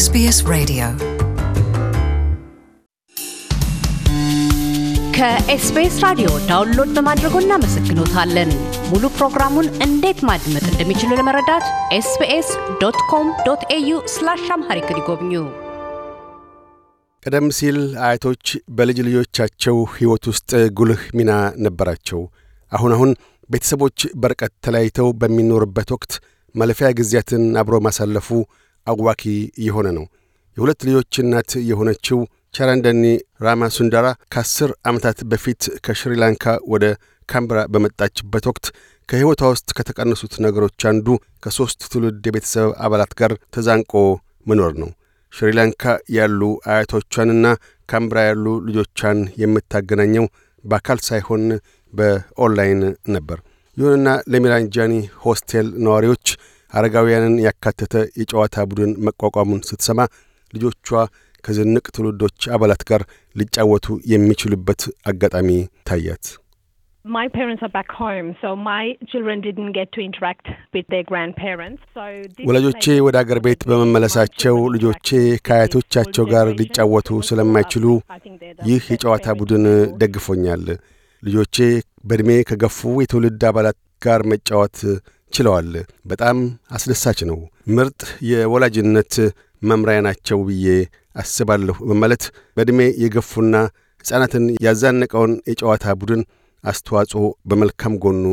ኤስቢኤስ Radio ከኤስቢኤስ ራዲዮ ዳውንሎድ በማድረጎ እናመሰግኖታለን። ሙሉ ፕሮግራሙን እንዴት ማድመጥ እንደሚችሉ ለመረዳት ኤስቢኤስ ዶት ኮም ዶት ኤዩ ስላሽ አምሃሪክ ይጎብኙ። ቀደም ሲል አያቶች በልጅ ልጆቻቸው ሕይወት ውስጥ ጉልህ ሚና ነበራቸው። አሁን አሁን ቤተሰቦች በርቀት ተለያይተው በሚኖርበት ወቅት ማለፊያ ጊዜያትን አብሮ ማሳለፉ አዋኪ እየሆነ ነው። የሁለት ልጆች እናት የሆነችው ቻራንደኒ ሱንዳራ ከአስር ዓመታት በፊት ከሽሪላንካ ወደ ካምብራ በመጣችበት ወቅት ከሕይወቷ ውስጥ ከተቀነሱት ነገሮች አንዱ ከሦስት ትውልድ የቤተሰብ አባላት ጋር ተዛንቆ መኖር ነው። ሽሪላንካ ያሉ አያቶቿንና ካምብራ ያሉ ልጆቿን የምታገናኘው በአካል ሳይሆን በኦንላይን ነበር። ይሁንና ለሚራንጃኒ ሆስቴል ነዋሪዎች አረጋውያንን ያካተተ የጨዋታ ቡድን መቋቋሙን ስትሰማ ልጆቿ ከዝንቅ ትውልዶች አባላት ጋር ሊጫወቱ የሚችሉበት አጋጣሚ ታያት። ወላጆቼ ወደ አገር ቤት በመመለሳቸው ልጆቼ ከአያቶቻቸው ጋር ሊጫወቱ ስለማይችሉ ይህ የጨዋታ ቡድን ደግፎኛል። ልጆቼ በዕድሜ ከገፉ የትውልድ አባላት ጋር መጫወት ችለዋል። በጣም አስደሳች ነው። ምርጥ የወላጅነት መምሪያ ናቸው ብዬ አስባለሁ በማለት በዕድሜ የገፉና ሕፃናትን ያዛነቀውን የጨዋታ ቡድን አስተዋጽኦ በመልካም ጎኑ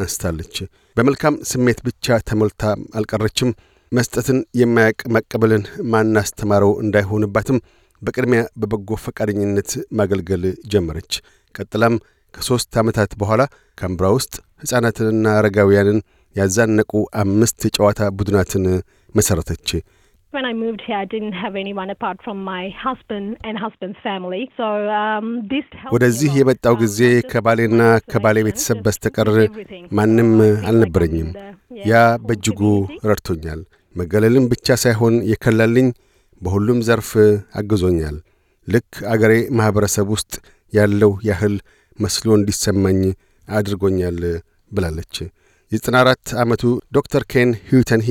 አንስታለች። በመልካም ስሜት ብቻ ተሞልታ አልቀረችም። መስጠትን የማያቅ መቀበልን ማናስተማረው እንዳይሆንባትም በቅድሚያ በበጎ ፈቃደኝነት ማገልገል ጀመረች። ቀጥላም ከሦስት ዓመታት በኋላ ካምብራ ውስጥ ሕፃናትንና አረጋውያንን ያዛነቁ አምስት የጨዋታ ቡድናትን መሠረተች። when I moved here, I didn't have anyone apart from my husband and husband's family. So um, this ወደዚህ የመጣው ጊዜ um, ከባሌና ከባሌ ቤተሰብ በስተቀር ማንም አልነበረኝም። uh, ያ በእጅጉ ረድቶኛል። መገለልም ብቻ ሳይሆን የከላልኝ በሁሉም ዘርፍ አግዞኛል። ልክ አገሬ ማኅበረሰብ ውስጥ ያለው ያህል መስሎ እንዲሰማኝ አድርጎኛል ብላለች። የ94 ዓመቱ ዶክተር ኬን ሂውተንሂ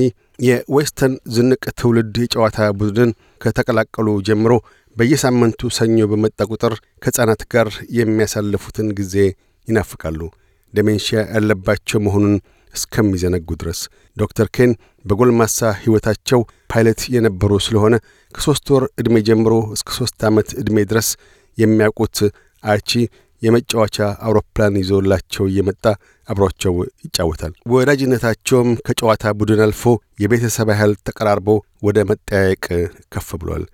የዌስተን ዝንቅ ትውልድ የጨዋታ ቡድን ከተቀላቀሉ ጀምሮ በየሳምንቱ ሰኞ በመጣ ቁጥር ከሕፃናት ጋር የሚያሳልፉትን ጊዜ ይናፍቃሉ፣ ደሜንሽያ ያለባቸው መሆኑን እስከሚዘነጉ ድረስ። ዶክተር ኬን በጎልማሳ ሕይወታቸው ፓይለት የነበሩ ስለሆነ ከሦስት ወር ዕድሜ ጀምሮ እስከ ሦስት ዓመት ዕድሜ ድረስ የሚያውቁት አቺ የመጫወቻ አውሮፕላን ይዞላቸው እየመጣ አብሯቸው ይጫወታል። ወዳጅነታቸውም ከጨዋታ ቡድን አልፎ የቤተሰብ ያህል ተቀራርቦ ወደ መጠያየቅ ከፍ ብሏል።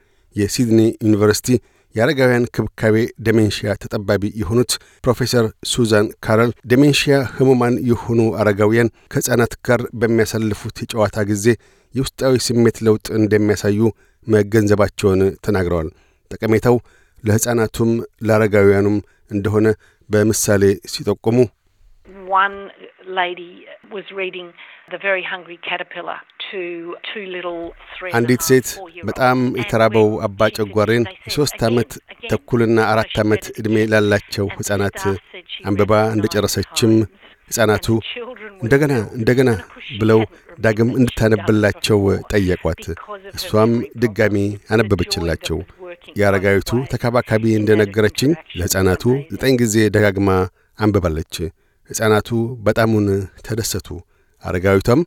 የሲድኒ ዩኒቨርሲቲ የአረጋውያን ክብካቤ ደሜንሽያ ተጠባቢ የሆኑት ፕሮፌሰር ሱዛን ካረል ደሜንሽያ ህሙማን የሆኑ አረጋውያን ከሕፃናት ጋር በሚያሳልፉት የጨዋታ ጊዜ የውስጣዊ ስሜት ለውጥ እንደሚያሳዩ መገንዘባቸውን ተናግረዋል። ጠቀሜታው ለሕፃናቱም ለአረጋውያኑም እንደሆነ በምሳሌ ሲጠቁሙ አንዲት ሴት በጣም የተራበው አባ ጨጓሬን የሦስት ዓመት ተኩልና አራት ዓመት ዕድሜ ላላቸው ሕፃናት አንብባ እንደ ጨረሰችም ሕፃናቱ እንደገና እንደገና ብለው ዳግም እንድታነብላቸው ጠየቋት። እሷም ድጋሚ አነበበችላቸው። የአረጋዊቱ ተከባካቢ እንደነገረችኝ ለሕፃናቱ ዘጠኝ ጊዜ ደጋግማ አንብባለች። ሕፃናቱ በጣሙን ተደሰቱ። አረጋዊቷም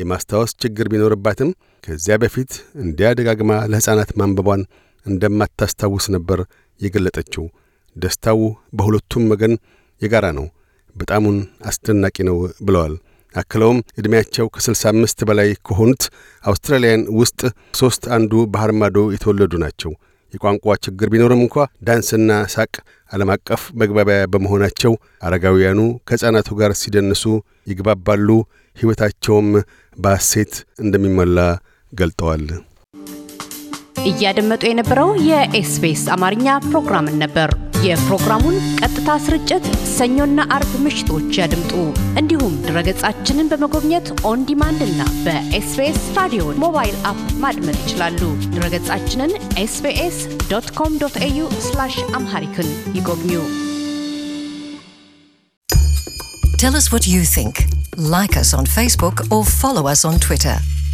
የማስታወስ ችግር ቢኖርባትም ከዚያ በፊት እንዲያ ደጋግማ ለሕፃናት ማንበቧን እንደማታስታውስ ነበር የገለጠችው። ደስታው በሁለቱም ወገን የጋራ ነው። በጣሙን አስደናቂ ነው ብለዋል። አክለውም ዕድሜያቸው ከስልሳ አምስት በላይ ከሆኑት አውስትራሊያን ውስጥ ሦስት አንዱ ባህር ማዶ የተወለዱ ናቸው። የቋንቋ ችግር ቢኖርም እንኳ ዳንስና ሳቅ ዓለም አቀፍ መግባቢያ በመሆናቸው አረጋውያኑ ከሕፃናቱ ጋር ሲደንሱ ይግባባሉ፣ ሕይወታቸውም በሐሴት እንደሚሞላ ገልጠዋል። እያደመጡ የነበረው የኤስቢኤስ አማርኛ ፕሮግራምን ነበር። የፕሮግራሙን ቀጥታ ስርጭት ሰኞና አርብ ምሽቶች ያድምጡ። እንዲሁም ድረገጻችንን በመጎብኘት ኦን ዲማንድ እና በኤስቢኤስ ራዲዮ ሞባይል አፕ ማድመጥ ይችላሉ። ድረገጻችንን ኤስቢኤስ ዶት ኮም ዶት ኤዩ አምሃሪክን ይጎብኙ። ቴል አስ ዋት ዩ ቲንክ ላይክ አስ ኦን ፌስቡክ ኦር ፎሎው አስ ኦን ትዊተር